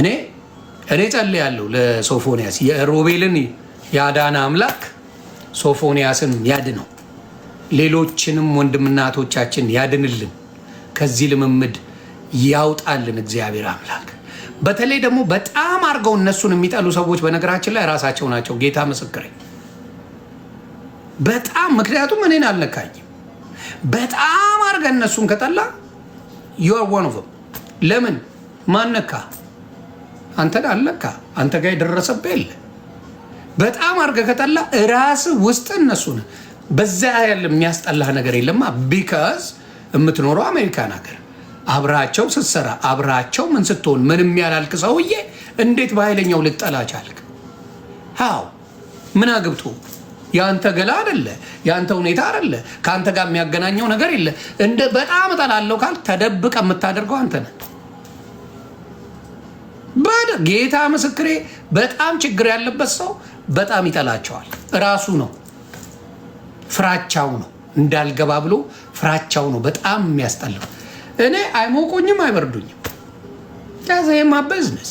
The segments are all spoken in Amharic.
እኔ እኔ ጸልያለሁ ለሶፎንያስ የሮቤልን የአዳና አምላክ ሶፎንያስን ያድነው፣ ሌሎችንም ወንድምናቶቻችን ያድንልን፣ ከዚህ ልምምድ ያውጣልን እግዚአብሔር አምላክ። በተለይ ደግሞ በጣም አድርገው እነሱን የሚጠሉ ሰዎች በነገራችን ላይ ራሳቸው ናቸው። ጌታ ምስክሬ በጣም ምክንያቱም እኔን አልነካኝም። በጣም አድርገህ እነሱን ከጠላ ዩር ዋን ኦፍ ለምን ማነካ አንተን አለካ አንተ ጋር የደረሰብህ የለ። በጣም አድርገህ ከጠላ ራስህ ውስጥ እነሱ በዛ ያለ የሚያስጠላህ ነገር የለማ። ቢካዝ የምትኖረው አሜሪካን ሀገር አብራቸው ስትሰራ አብራቸው ምን ስትሆን ምንም ያላልክ ሰውዬ እንዴት በኃይለኛው ልጠላ ቻልክ? ሀው ምን አግብቶ የአንተ ገላ አደለ፣ የአንተ ሁኔታ አደለ፣ ከአንተ ጋር የሚያገናኘው ነገር የለ። እንደ በጣም እጠላለሁ ካል ተደብቀ የምታደርገው አንተ ነህ። ጌታ ምስክሬ፣ በጣም ችግር ያለበት ሰው በጣም ይጠላቸዋል። ራሱ ነው ፍራቻው ነው እንዳልገባ ብሎ ፍራቻው ነው በጣም የሚያስጠላው። እኔ አይሞቁኝም፣ አይበርዱኝም። ያዘ የማ ቢዝነስ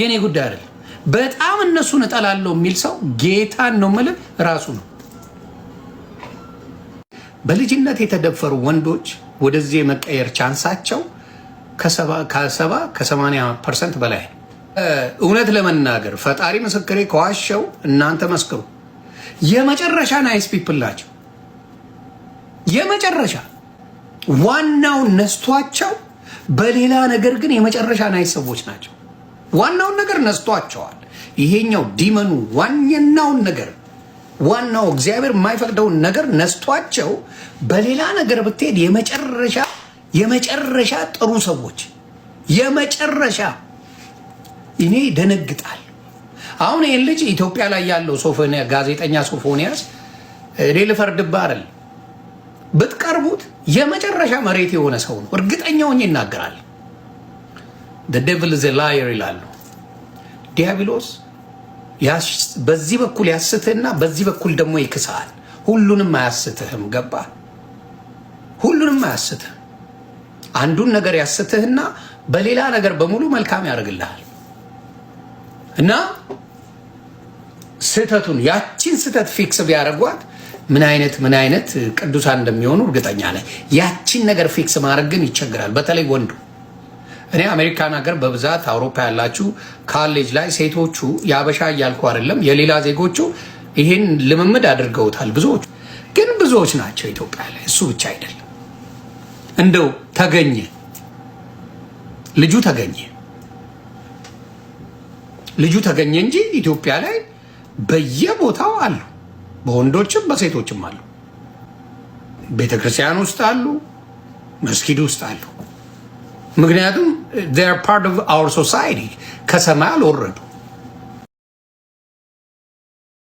የእኔ ጉዳይ አይደለም። በጣም እነሱን እጠላለሁ የሚል ሰው ጌታን ነው የምልህ ራሱ ነው። በልጅነት የተደፈሩ ወንዶች ወደዚህ የመቀየር ቻንሳቸው ከሰባ ከሰማንያ ፐርሰንት በላይ እውነት ለመናገር ፈጣሪ ምስክሬ ከዋሸው እናንተ መስክሩ። የመጨረሻ ናይስ ፒፕል ናቸው። የመጨረሻ ዋናውን ነስቷቸው፣ በሌላ ነገር ግን የመጨረሻ ናይስ ሰዎች ናቸው። ዋናውን ነገር ነስቷቸዋል። ይሄኛው ዲመኑ ዋናውን ነገር ዋናው እግዚአብሔር የማይፈቅደውን ነገር ነስቷቸው፣ በሌላ ነገር ብትሄድ የመጨረሻ የመጨረሻ ጥሩ ሰዎች የመጨረሻ እኔ ደነግጣል። አሁን ይህን ልጅ ኢትዮጵያ ላይ ያለው ጋዜጠኛ ሶፎንያስ እኔ ልፈርድብህ አይደል፣ ብትቀርቡት የመጨረሻ መሬት የሆነ ሰው ነው። እርግጠኛ ሆኜ ይናገራል። ደብል ዘ ላየር ይላሉ። ዲያብሎስ በዚህ በኩል ያስትህና በዚህ በኩል ደግሞ ይክሳል ሁሉንም አያስትህም። ገባህ? ሁሉንም አያስትህም። አንዱን ነገር ያስትህና በሌላ ነገር በሙሉ መልካም ያደርግልሃል። እና ስህተቱን ያችን ስህተት ፊክስ ቢያደርጓት ምን አይነት ምን አይነት ቅዱሳን እንደሚሆኑ እርግጠኛ ነኝ። ያችን ነገር ፊክስ ማድረግ ግን ይቸግራል፣ በተለይ ወንዱ። እኔ አሜሪካን ሀገር በብዛት አውሮፓ ያላችሁ ካሌጅ ላይ ሴቶቹ የአበሻ እያልኩ አይደለም፣ የሌላ ዜጎቹ ይህን ልምምድ አድርገውታል። ብዙዎቹ ግን ብዙዎች ናቸው ኢትዮጵያ ላይ። እሱ ብቻ አይደለም፣ እንደው ተገኘ ልጁ ተገኘ ልጁ ተገኘ እንጂ ኢትዮጵያ ላይ በየቦታው አሉ። በወንዶችም በሴቶችም አሉ። ቤተክርስቲያን ውስጥ አሉ፣ መስጊድ ውስጥ አሉ። ምክንያቱም ፓርት ኦፍ አወር ሶሳይቲ ከሰማይ አልወረዱ